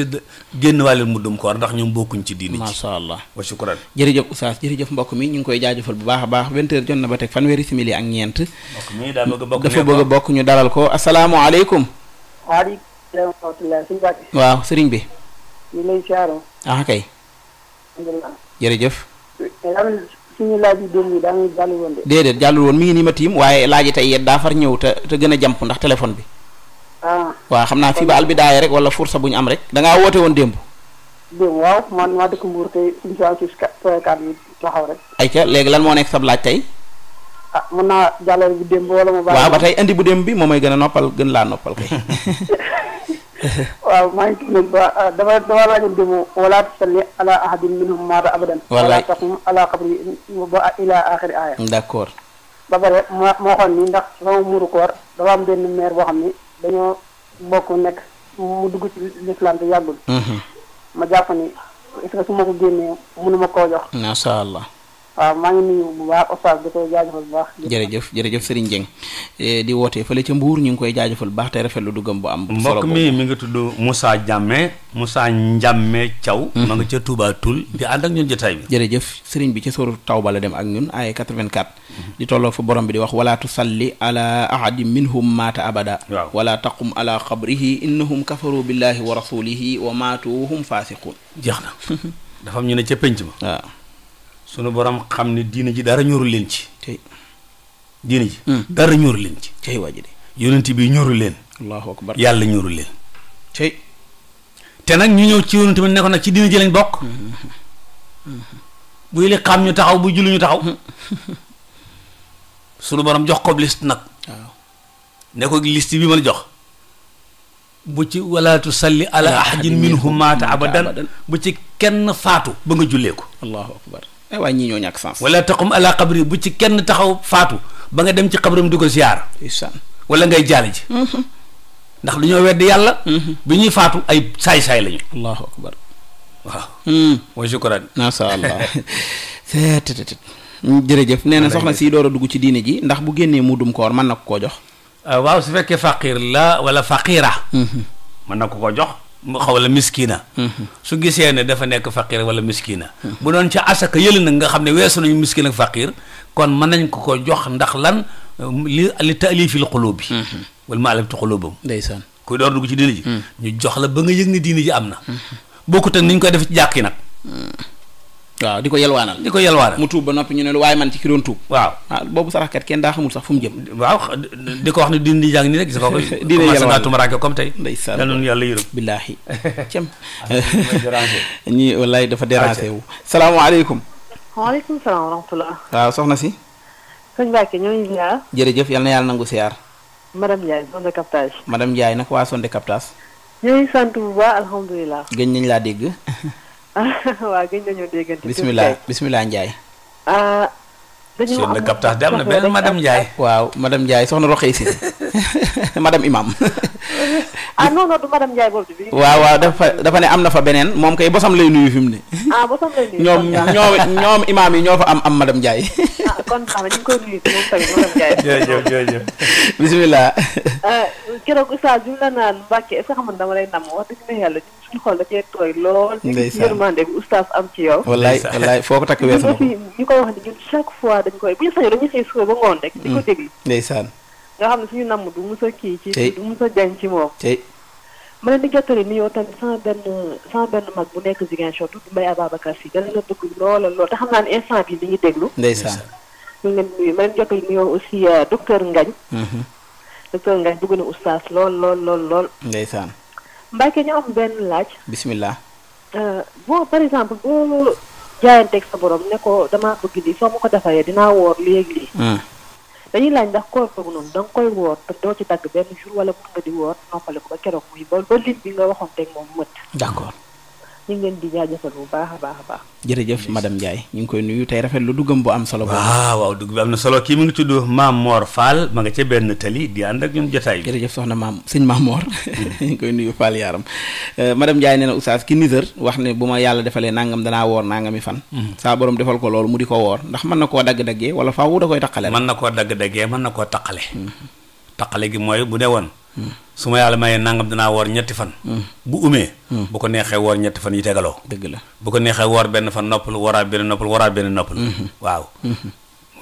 génn wàllu muddum a ndax ñoom bokkuñ ci diini. macha allah wa shukran. jërëjëf Oustaz jërëjëf mbokk mi ñu ngi koy jaajëfal bu baax a baax 20h jot na ba teg fanweeri simili ak ñeent. dafa bëgg a bokk ñu dalal ko asalaamualeykum. waaleykum waaw sëriñ bi. ñu ah kay. jërëjëf. suñu laaj woon de. déedéet jàllul woon ngi nii ma tiim waaye laaj tey yéen daa ñëw te te gën a jàmp ndax téléphone bi. ah waaw xam naa fii ba albidaaya rek wala fursa bu ñu am rek. dangaa woote woon démb. démb waaw man maa dëkk Mbour tey suñu saa si eh, kàddu yi taxaw rek. ayca léegi lan moo nekk sab laaj tey. ah mën wala mu. waaw ba tey indi bu démb bi moo may gën a noppal gën laa noppal kay. waaw maa ngi tudd ba ah, dama dama laajoon démb wala tusalli ala ahadin minhum maata abadan. wala taqum ala qabri ba ila axiri aaya. d'accord. ba moo moo xoon ni ndax sama muuru koor dafa am benn maire boo xam ni dañoo bokk nekk mu dugg ci l'islam te yàggul. Mhm. ma jàpp ni est ko génnee mënu ma koo jox. macha allah. waaw maa ngi jërëjëf jërëjëf Serigne Dieng eh, di wootee fële ca Mbour ñu ngi koy jaajëfal bu baax tey rafetlu duggam bu am. mbokk mi mi ngi tudd Moussa Ndiame Moussa Ndiame Thiaw. Mhm. ma nga ca Touba Toul di ànd ak ñun jotaay bi. jërëjëf Serigne bi ca sóoru taw bala dem ak ñun ay 84. di tolloo fa borom bi di wax wala tusalli ala ahadi minhum maata abada. waaw wala taqum ala qabrihi innahum kafaru billahi wa rasulihi wa maatu hum faasiquun jeex na dafa am ñu ne ca penc ma ah. sunu borom xam ne diina ji dara ñoru leen ci. tey diina ji. Hmm. dara leen ci. tey ji de bi ñoru leen. allahu yàlla ñoru leen. tey te nag ñu ñëw ci yonent bi ne nag ci diina ji lañ bokk. Hmm. buy li xam ñu taxaw buy julli ñu taxaw. Hmm. sunu borom jox ko liste nag. waaw ne bi ma la jox. bu ci wala tusalli ala ahadin minhum maata abadan bu ci kenn faatu ba nga jullee ko. ay eh, waaye ñii ñoo ñàkk sens wala taqum ala bu ci kenn taxaw faatu ba nga dem ci xabram di ko ziyaar wala ngay jaale ji mm-hmm. ndax du ñoo wedd yàlla mm-hmm. bi ñuy faatu ay saay-saay lañu allahu akbar waaw mm. wa shukran jërëjëf nee na soxna si door a dugg ci diine ji ndax bu génnee muudum koor mën na ko koo jox ah, waaw su fekkee faqir la wala faqira mm-hmm. mën na ko ko jox mu xaw la miskina su gisee ne dafa nekk faqir wala miskina bu doon ca asaka yële nag nga xam ne weesu nañu miskin ak faqir kon mën nañ ko ko jox ndax lan li li taalifil xulub bi mhm. wala maaliftu xulubam ndeysaan kuy door dugg ci diina ji mhm. ñu jox la ba nga yëg ne diina ji am na bokkut ak ni ñu koy def ci jàkk nag mhm. waaw di ko yelwaanal di ko yelwaanal mu tuub ba noppi ñu ne lu waaye man ci ki doon tuub waaw waaw ah, boobu saraxkat kenn daa xamul sax fu mu jëm waaw di ko wax ne din di jàng nii rek gis nga ko diine yelwaanal tumaraanke comme tey ndeysaan yal nañu yàlla yërëm ah, dafa dérangé wu salaamaaleykum waaw soxna si sëñ Mbacke ñoo ngi ziar yal na yàlla nangu siyaar madame Ndiaye sonde captage madame Ndiaye nag waa sonde captage ñoo ngi sant bu nañ laa dégg waaw gëj nañoo déggante. bisimilah bisimilah Ndiaye. Ah, dañoo am captage am na benn madame Ndiaye. waaw madame Ndiaye soxna Roqe si madame Imam. ah non non du madame Ndiaye waaw waaw dafa dafa ne am na fa beneen moom kay bosam lay nuyu fi ah, ñoom ñoom ñoom yi ñoo fa am am madame njaay ah kon xam nga ñu ngi koy nuyu suñu xool da cee tooy lool. ndeysaan yërmande bi oustaz am ci yow. wallaay wallaay foo ko takk weesu ñu koy wax ne ñun chaque fois dañ koy bu ñu ba ngoon di ko mm. déglu ndeysaan. nga xam ne suñu namm du mus a kii ci. du mus a jañ ci moom. tey ma leen di jottali ni yow tamit sans benn sans benn mag bu nekk Ziguinchor tudd Mbaye Ababacar si dana la bëgg loola lool te xam naa ne instant bii li ñu déglu. ndeysaan ñu ngi ma leen di jottali ni yow aussi euh, docteur Ngagne. Mm-hmm. docteur Ngagne bëgg na oustaz lool lool lool lool. ndeysaan Mbacke ñu am benn laaj. bisimilah. Euh, boo par exemple boo jaayanteeg sa borom ne ko damaa bëgg lii soo ma ko defaree dinaa woor léegi lii. Hmm. dañuy laaj ndax koor boobu noonu da nga koy woor te doo ci dagg benn jour wala mun nga di woor noppale ko ba keroog muy ba ba lim bi nga waxoon teg moom mët. d'accord. ñu ngi a a baax. jërëjëf madame Ndiaye ñu ngi koy nuyu tey rafet lu duggam bu am solo. waaw waaw dugg bi am na solo kii mu ngi tudd Maam moor Fall ma nga ca benn tali di ànd ak ñun jotaay bi. jërëjëf soxna maam sëñ Maam moor mm. ñu ngi koy nuyu Fall yaaram euh, madame Ndiaye nee na oustaz ki Niger wax ne bu ma yàlla defalee nangam danaa woor nangami fan. Mm. saa borom defal ko loolu mu di ko woor ndax mën na koo dagg-daggee wala faaw da koy taqale. mën na koo dagg-daggee man na koo taqale. Mm. taqale gi mooy bu ne woon su ma yàlla mayee nangam dinaa woor ñetti fan mm. bu umee mm. bu ko neexee woor ñetti fan yi tegaloo dëgg la bu ko neexee woor benn fan noppal wooraat benn noppal wooraat benn noppal mm-hmm. waaw mm-hmm.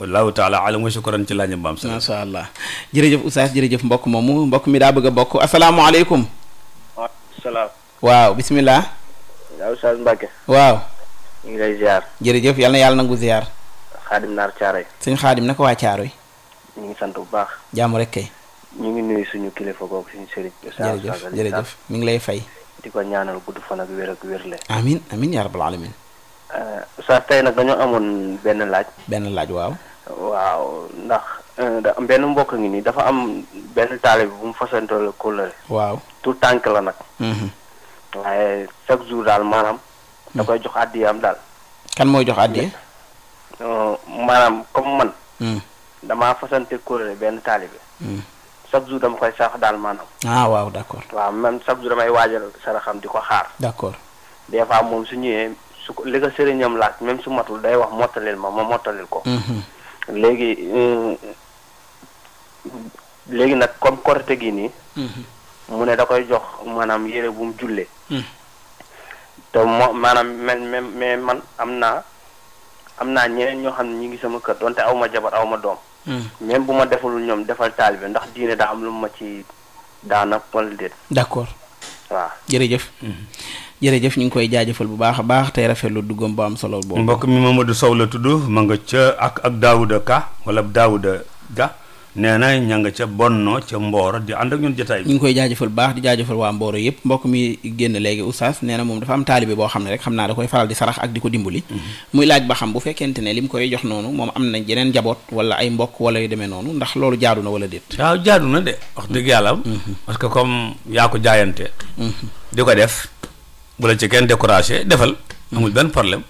wallahu taala alam wa shukran ci laajam baam sa macha allah jërëjëf oustaz jërëjëf mbokk moomu mbokk mi daa bëgg a bokk asalaamaaleykum waaleykum salaam waaw bismillah yaa oustaz Mbacke waaw ñu ngi lay ziar yal na yàlla nangu ziar xaadim naar caaroy sëñ xaadim naka waa caaroy ñu ngi sant bu baax jàmm rek ñu ngi nuyu suñu kilifa googu suñu sëriñ. jërëjëf jërëjëf mu ngi lay fay. di ko ñaanal gudd fan ak wér ak wérle. amiin amiin yaa rabbal alamin. Eh, saa tey nag dañoo amoon benn laaj. benn laaj waaw. waaw ndax eh, benn mbokk ngi nii dafa am benn taalibe bu mu fasantool kóllëre. waaw tout tànk la nag. Mhm. waaye chaque jour daal maanaam. da mhm. koy jox àddiyaam daal. kan mooy jox àddiya. Eh, maanaam comme man. Mhm. damaa fasante kóllëre benn taalibe. chaque jour dama koy sarax daal maanaam. ah waaw d' accord. waaw man chaque jour damay waajal saraxam di ko xaar. d' accord des fois moom su ñëwee su ko li ko sëriñam laaj même su matul day wax mottalil ma ma mottalil ko. Mhm. léegi euh, léegi nag comme korite gi nii. Mhm. mu ne da koy jox maanaam yére bu mu jullee. Mhm. te moo maanaam man mais man am naa am naa ñeneen ñoo xam ne ñu ngi sama kër donte aw ma jabar aw ma doom. Hmm. même bu ma defalul ñoom defal taalibe ndax diine daa am lu ma ci daanak wala déet. d'accord. waaw jërëjëf. Hmm. jërëjëf ñu ngi koy jaajëfal bu baax a baax tey rafetlu duggam ba am solo boobu. mbokk mi ma Mamadou Sow la tudd ma nga ca ak ak Daouda Ka wala Daouda Ga. nee na ña nga ca bonno ca mbooro di ànd ak ñun jotaay bi ñu ngi koy jaajëfal baax di jaajëfal waa mbooro yëpp mbokk mi génn léegi oustaz nee na moom dafa am taalibe boo xam ne rek xam naa da koy faral di sarax ak di ko dimbali mhm. muy laaj ba xam bu fekkente ne li mu koy jox noonu moom am na jeneen jaboot wala ay mbokk wala yu demee noonu ndax loolu jaadu na wala déet waaw jaadu na de wax dëgg yàlla mhm. parce que comme yaa ko jaayante mhm. di ko def bu la ci kenn découragé defal amul benn problème.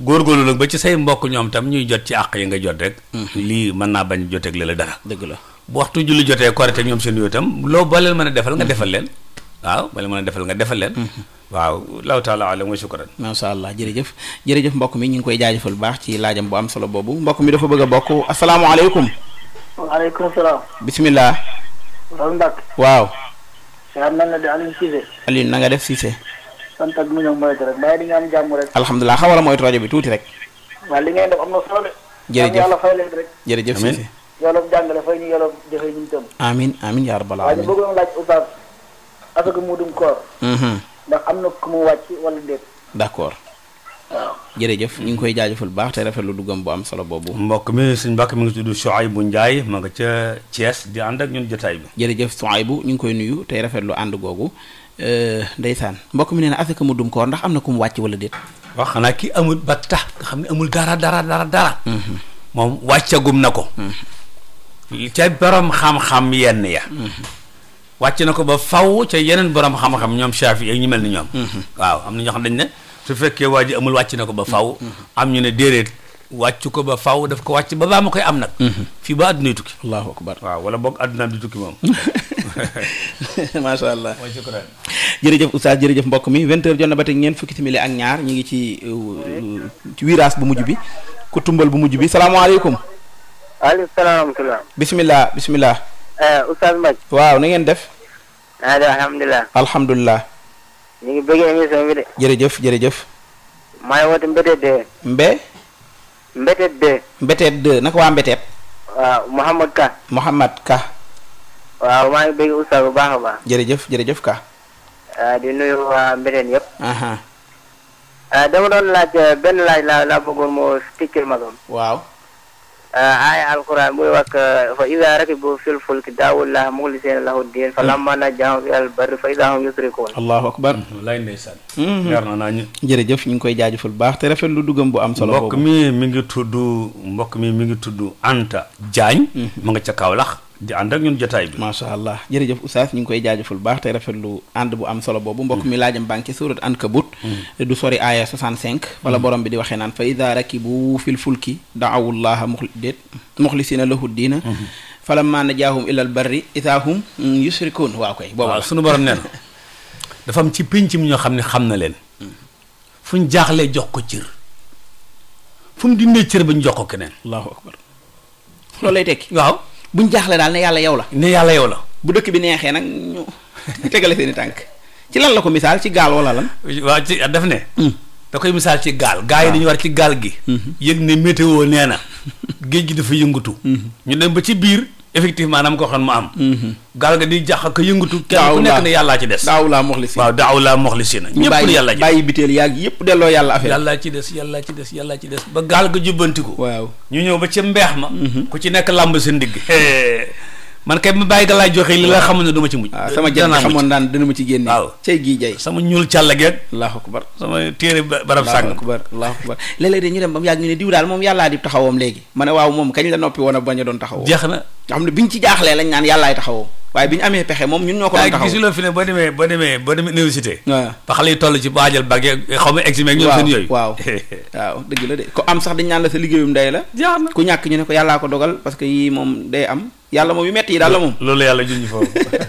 góorgóorlu nag ba ci say mbokk ñoom tam ñuy jot ci àq yi nga jot rek. lii mën naa bañ joteeg la la dara. dëgg la bu waxtu julli jotee korite ñoom seen yooyu tam loo ba mm-hmm. mën a defal nga defal leen. Mm-hmm. waaw bala mën a defal nga defal leen. waaw law taala alam wa shukran macha allah jërëjëf jërëjëf mbokk mi ñu ngi koy jaajëfal bu baax ci laajam bu am solo boobu mbokk mi dafa bëgg a bokk asalaamaaleykum. waaleykum salaam. bisimilah. loolu waaw. salaam mel na de Aliou nga def Cissé. sant ak mu ñëw moytu rek xawala moytu rajo bi tuuti rek. waaw li ngay def jërëjëf yàlla fay leen rek. jërëjëf si yàlla jàngale fay mm-hmm. am na ku mu wàcc wala déet. d'accord. ñu ngi koy jaajëfal baax te rafetlu duggam bu am solo boobu mbokk mi suñ mbokk mi ngi tudd Souaybou Ndiaye ma nga ca Thiès di ànd ak ñun jotaay bi jërëjëf Souaybou ñu ngi koy nuyu tey rafetlu ànd googu Euh, ndeysaan mbokk mi nee na asaka mu dum koor ndax am na ko mu wàcc walla déet. waaw xanaa kii amul ba tax nga xam ne amul dara dara dara dara. Mm-hmm. moom wàccagum na ko. Mm-hmm. ca borom xam-xam yenn ya. Mm-hmm. wàcc na ko ba faw ca yeneen borom xam-xam ñoom Shaafi ak ñu mel ni ñoom. waaw am na ñoo xam dañ ne su fekkee waa ji amul wàcc na ko ba faw am ñu ne déedéet. wàcc ko ba faw daf ko wàcc ba baa ma koy am nag mhm. fii ba àddunay tukki allahu akbar waaw wala boog àddunaam di tukki moom macha allah jërëjëf oustaz jërëjëf mbokk mi vingt heures jot na ba tey ñeent fukki simili ak ñaar ñu ngi ci euh, ci bu mujj bi ku tumbal bu mujj bi salaamaaleykum waaleykum salaam rahmatulah bisimilah bisimilah eh, waaw na ngeen def naa def alhamdulilah alhamdulilah ñu Mbeteet 2. Mbeteet 2 naka waa Mbeteet. waaw Mouhamad Ka. Mouhamad Ka. waaw maa ngi bëgg oustaz bu baax a baax. jërëjëf jërëjëf Ka. Ah, di nuyu waa Mbeteet yëpp. Ah, dama doon laaj eh, benn laaj laa laa moo tikkil magam. waaw. aaya alquran muy wax fa ida rakibu fil fulki daawullaah muxlisiina lahu diin fa lamma najjaahum ilal barri fa idaa hum yusrikuun allahu akbar lay ndeysaan hmm. leer na naa ñu jërëjëf ñu ngi koy jaajëfal baax te rafet lu duggam bu am solo mbokk mi mi ngi tudd mbokk mi mi ngi tudd Anta Jaañ hmm. mu nga ca kaw lax di ànd ak ñun jotaay bi macha allah jërëjëf oustaz ñu ngi koy jaajëful baax tey rafetlu ànd bu am solo boobu mbokk mi mm. laajam baa ngi ci surat ankabut mm. du sori aaya 65 wala mm. borom bi di waxee naan fa ida rakibu fil fulki daawullaha muxli déet muxlisina lahu diina mm-hmm. falamma najaahum ilal barri idahum yusrikun waaw koy booba suñu borom nee na dafa am ci pinc mi ñoo xam ne xam na leen fu ñu jaaxlee jox ko cër fu mu dindee cër ba ñu jox ko keneen allahu akbar buñ jaaxle daal ne yàlla yow la. ne yàlla yow la. bu dëkk bi neexee nag ñu tegale seeni tànk ci lan la ko misaal ci gaal wala la waaw ci daf ne. Hmm. da koy misaal ci gaal. gaa yi ah. dañuy war ci gaal gi. Hmm. yëg ne météo nee na. géej gi dafa yëngatu. Hmm. ñu dem ba ci biir. effectivement na ma ko waxoon mu am. Mhm. gaal ga di jax ak yëngatu. kenn ku nekk ne yàllaa ci des. daaw laa moxli si waaw daaw laa moxli si na. ñëpp lu yàlla ji bàyyi biteel yaag yëpp delloo yàlla affaire yàllaa ci des yàllaa ci des yàllaa ci des ba gaal ga jubbantiku. waaw ñu ñëw ba ca mbeex ma. Mhm. ku ci nekk làmb sa ndigg. man kay ma bàyyi da laa joxe li la xamoon ne ma ci mujj. waaw ah, sama jàll xamoon naan dina ma ci génne. waaw cey gii jay sama ñuul càll geeg. allahu akbar sama téere barab sàng. allahu akbar allahu akbar léeg-léeg dañuy dem ba mu yàgg ñu ne diw daal moom yàllaa di taxawoom léegi. ma ne waaw moom kañ la noppi woon a bañ a doon taxawoo. jeex na nga xam ne ñu ci jaaxlee lañ naan yàllaay taxawoo waaye bi ñu amee pexe moom ñun ñoo ko doon taxaw gisuloo fi ne boo demee boo demee ba la de ko am sax ñu ne ko yàllaa ko dogal parce que moom am yàlla moom yu metti yi daal la moom loolu yàlla jun ñu foofu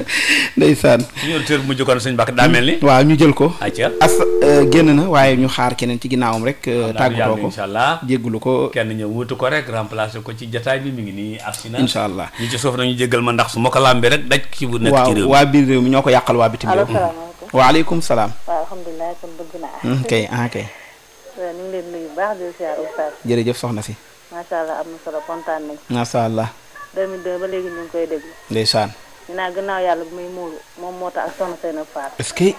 ndeysaan suñu bu mujj kon sëñ Mbacke daa mel ni waaw ñu jël ko as euh, génn na waaye ñu xaar keneen ci ginnaawam rek euh, tàggatoo ko incha allah jéggulu ko kenn ñëw wuutu ko rek remplacer ko ci jataay bi mi ngi nii absina incha allah ñu ci suuf nañu jéggal ma ndax su ma ko làmbee rek nekk ci waa biir réew mi ñoo ko yàqal waa bitim la mm. waaleykum salaam waaw alhamdulilah kon bëgg naa mm, kay ah kay ñu ngi leen nuyu soxna si am na solo kontaan nañ macha ba léegi ñu ngi koy déglu ndeysaan ñu naa gannaaw yàlla bu muy muuru moom moo tax ak soxna Seyna Fall est-ce que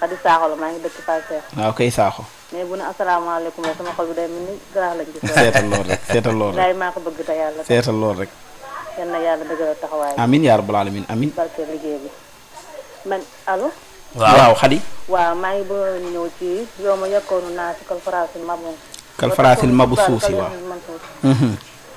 xadi la maa ngi dëkk Fall Seex waaw ah, kay saaxo mais bu ne asalaamaaleykum la sama xol bi day mel ni garaax lañ seetal lool rek ko bëgg te seetal lool rek yal na yàlla dëgëral taxawaay amin yaa rabbal alamin amin barke liggéey bi man allo waaw xadi waaw maa ngi bëggoon ñëw ci yow ma yokkoonu naa si kalfaraasil mabu kalfaraasil mabu suusi waaw mhm.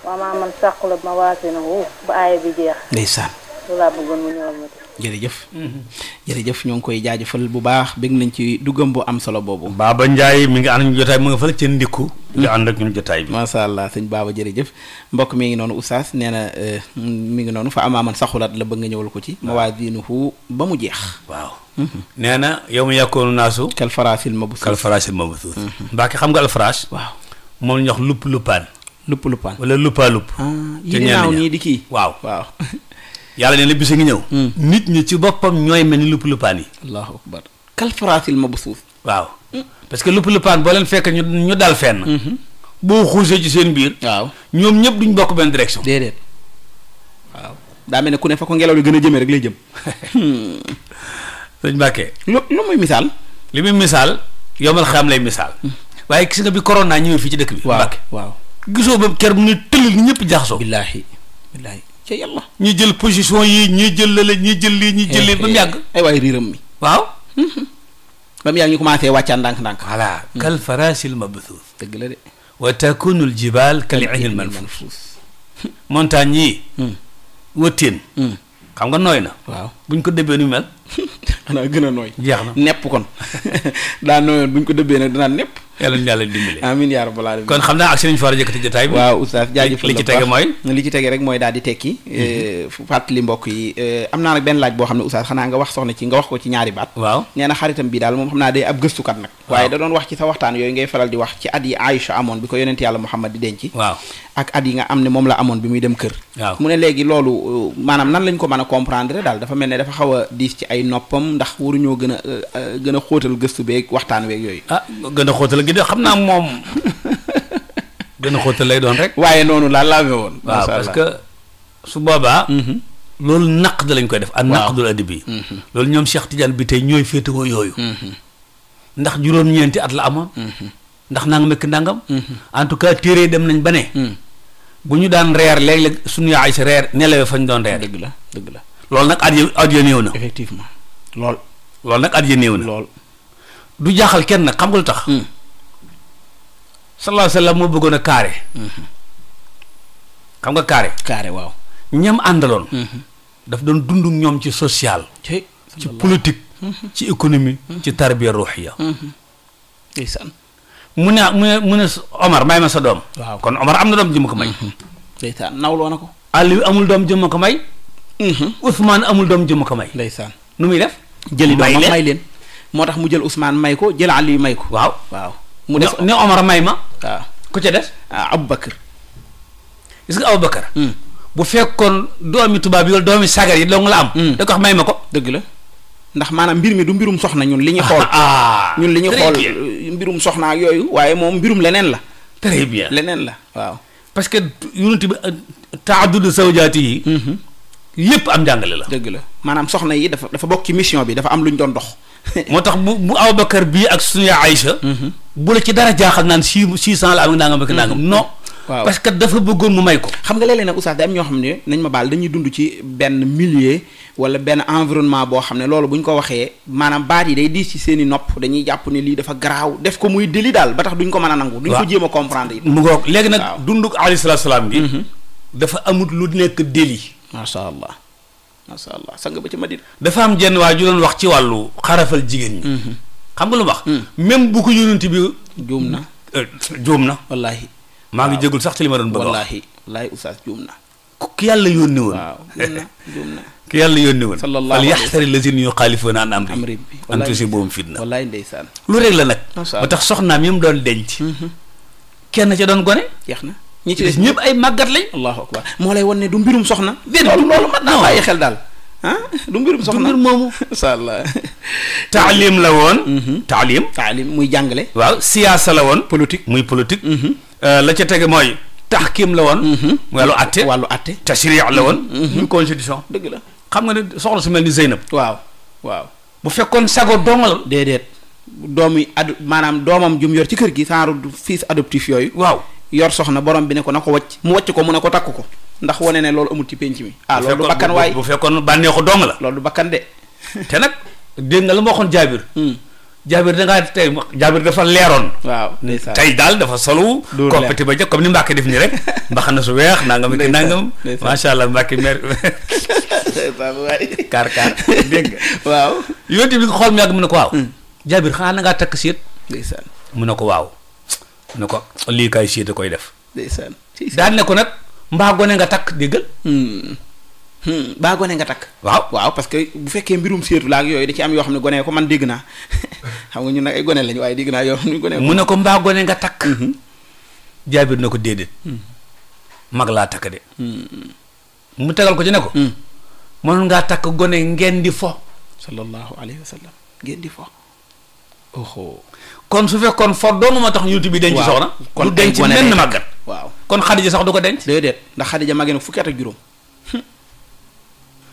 waaw maa man sàqula ma waasina wu ba aaya bi jeex ndeysaan loolu bëggoon mu ñëwal ma ci jërëjëf mhm. jërëjëf ñoo ngi koy jaajëfal bu baax bëgg nañ ci duggam bu am solo boobu Baba Ndiaye mi ngi ànd ak ñu jotaay mu nga fële ca ndikku nga hmm. ànd ak ñun jotaay bi masha Allah sëñ Baba jërëjëf mbokk mi ngi noonu oustaz nee na euh, mi ngi noonu fa amaaman saxulaat la bëgg nga ñëwal ko ci mawaadinuhu ba mu jeex waaw hmm. nee na yow mu yàkkoonu naasu kal faraasil mabusuus kal faraasil mabusuus hmm. mbaake xam nga alfaraas waaw moom ñu wax lupp luppaan lupp luppaan wala luppa lupp ah, te ñenn ñi di kii waaw yàlla ne la bis ngi ñëw. Hmm. nit ñi ci boppam ñooy mel ni lupp luppaan yi. allahu akbar bu suuf waaw hmm. parce que lupp luppaan boo leen fekk ñu ñu dal fenn. Hmm. boo xuusee ci seen biir. waaw ñoom ñëpp duñ bokk benn direction. déedéet waaw daa mel ne ku ne fa ko ngelaw li gën a jëmee rek lay jëm. sëñ Mbàkke. lu lu muy misaal. li muy misaal yomal xam lay misaal. waaye gis nga bi corona ñëwee fii ci dëkk bi. waaw Mbàkke waaw. gisoo ba ker mu ne tëll ni ñëpp jaxasoo. ca ñu jël position yi ñu jël la ñu jël lii ñu jël lii ba mu eh, eh, eh, ay waay riiram mi waaw ba mu yàgg ñu commencé wàccaan ndànk-ndànk voilà hmm. kal farasil mabthuus dëgg la de wa kal ihnil manfuus montagne yi hmm. wëttéen hmm. xam nga nooy na buñ ko dëbbee nu mel. xanaa gën a nooy. jeex na nepp kon daa nooyoon buñ ko dëbbee nag danaa nepp. yàlla na yàlla dimbali amiin yaa rabbal alamin kon xam naa ak mhm. eh, yi eh, am naa nag benn laaj boo xam ne oustaz soxna ci nga wax ko ci ñaari baat waaw na xaritam bi daal moom xam naa day ab gëstukat nag waaye da doon wax ci sa waxtaan yooyu ngay faral di wax ci at yi Aïcha amoon bi ko yonent yàlla Muhammad di denc waaw ak at yi nga am ne moom la amoon bi muy dem kër waaw mu ne léegi loolu eh, maanaam nan lañ ko mën a comprendre ne dafa xaw a diis ci ay noppam ndax waruñoo gën a euh, gën a xóotal gëstu beeg waxtaan week yooyu. ah gën a xóotal gi de xam naa moom gën a lay doon rek. waaye noonu laa laamee woon. parce que su boobaa. Mm-hmm. loolu naq da lañ koy def. ak naqdul adabi. Mm-hmm. loolu ñoom Cheikh Tidiane bi tey ñooy féetewoo yooyu. Mm-hmm. ndax juróom-ñeenti at la amoon. ndax nangam ak nangam. en tout cas téere dem nañ ba ne. Mm. bu ñu daan reer léeg-léeg suñu yaay si reer nelawe fañ doon reer. dëgg la dëgg la. loolu nag at ya at ya néew na. effectivement lool. loolu nag at néew na. lool du jaaxal kenn nag xam nga lu tax. Hmm. sallallahu alayhi wa moo bëggoon a carré. Hmm. xam nga carré. carré waaw. ñam àndaloon. Hmm. daf doon dund ñoom ci social. ci politique. ci économie. ci tarbiya ruuxiya. ndeysaan. mu ne mu ne mu ne Omar may ma sa doom. waaw kon Omar am na doom jëmm ko may. ndeysaan nawloo àll ko. Aliou amul doom jëmm ko may. Mhm. Ousmane amul doom jëmm ko may. saan nu muy def. jëli doomam may leen moo tax mu jël Ousmane may ko jël Aliou may ko. waaw waaw mu def ne Omar may ma. ku ca des. ah Aboubacar. gis nga Aboubacar. Hmm. bu fekkoon doomi tubaab yi wala doomi sagar yi dong am. Hmm. da ko may ma ko. dëgg la ndax maanaam mbir mi du mbirum soxna ñun li ñu xool. Ah, ñun li ñu xool euh, mbirum soxna ak yooyu waaye moom mbirum leneen la. très bien leneen la waaw. parce que yonent bi euh, taadudu zawjaati yi. Hmm. lépp am njàngale la. dëgg la maanaam soxna yi dafa dafa bokk ci mission bi dafa am lu ñu doon dox. moo tax bu bu Aboubacar bii ak suñu Aïcha. Mhm. bu la ci dara jaaxal naan six six cent la am ak nangam ak mhm. nangam non. waaw parce que mu may ko. xam nga léeg-léeg nag oustaz day am ñoo xam ne nañ ma baal dund ci benn milieu wala benn environnement boo xam ne loolu bu ñu ko waxee maanaam baat yi day diis seen i nopp dañuy jàpp ne lii dafa garaaw def ko muy déli daal ba tax duñ ko mën a nangu. duñ ko jéem a comprendre it. mu ngoog léegi nag dunduk alayhi salaam bi mhm. dafa amut lu nekk déli macha allah macha allah sang ci Madina. dafa am jenn waa ju doon wax ci wàllu xarafal jigéen ñi. Mm-hmm. xam nga lu wax. Mm. même bu ko yonent bi. juum na euh, juum na. wallaahi maa ngi jégul sax ci li ma doon bëgg a wax. yàlla yónni woon. waaw juum na juum na. ki yàlla yónni woon. fal yaxtari lazina yuxaalifuuna an amri an tusiibahum fitna. wallaahi ndeysaan. lu rek la nag. macha tax soxnaam yi mu doon denc. Mm-hmm. kenn ca doon gone. jeex na. ñi ci des ñëpp ay màggat lañ allahu akbar moo lay wan ne du mbirum soxna dé loolu loolu mat naa bàyyi daal ah du mbirum soxna du mbir moomu la woon mhm. taalim taalim muy jàngale waaw siyaasa la woon politique muy politique mhm. euh, la ca tege mooy taxkim la woon mhm. wàllu atte wàllu atte tashri la woon muy constitution dëgg la xam nga ne soxla su mel ni Zeynab waaw waaw bu fekkoon sago doomal déedéet doomi ad maanaam doomam jum yor ci kër gi saaru fils adoptif yooyu waaw yor soxna borom bi ne ko na ko wacc mu wacc ko mun ne ko takk ko ndax wane ne loolu amul ci penc mi ah loolu du bakkan waay bu fekkoon bànneexu dong la loolu du bakkan de te nag dégg nga la ma waxoon jaabir hmm. jaabir dangaa tey jaabir dafa leeroon waaw tey daal dafa solu compéti ba jëkk comme ni Mbàkke def nii rek mbax su weex nangam ak nangam macha allah Mbàkke mer kaar kaar dégg nga waaw yonent bi xool mu yàgg mu ne ko waaw hmm. jaabir xanaa na ngaa takk séet mu ne ko waaw mu ne ko lii kaay siite koy def. ndeysaan daan ne ko nag mbaa gone nga takk déggal. Hmm. Hmm. mbaa gone nga takk. waaw waaw parce que bu fekkee mbirum seetu la ak yooyu da ci am yoo xam ne gone ko man dégg naa xam nga ñun nag ay gone lañu waaye dégg naa yoo xam ne mu ne ko mbaa gone nga takk. Hmm. jaabir na ko déedéet. mag laa takk de. mu tegal ko ci ne ko. mënoon ngaa takk gone ngeen di fo. sallallahu alayhi wa sallam ngeen di fo. kon su fekkoon for dong ma tax yonent bi denc soxna du denc menn màggat waaw kon xadija sax du ko denc déedéet ndax xadija màggee na fukki at ak juróom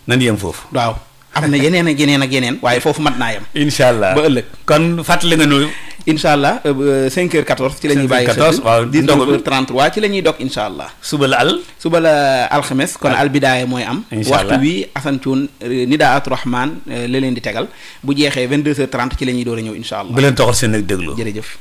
nan yem foofu waaw am na yeneen ak yeneen ak yeneen waaye foofu mat naa yem incha allah ba ëllëg kon fàttali nga nuyu incha allah euh, euh, cinq heures quatorze ci la ñuy bàyyi waaw di dog heures trois ci la ñuy dog incha allah suba la al suba la alxames kon ah. mooy am waxtu wi Assane Thioune euh, nidaatu rahman la leen di tegal bu jeexee vingt-deux heures trente ci la ñuy door a ñëw incha allah bu leen toxal seen ak déglu jërëjëf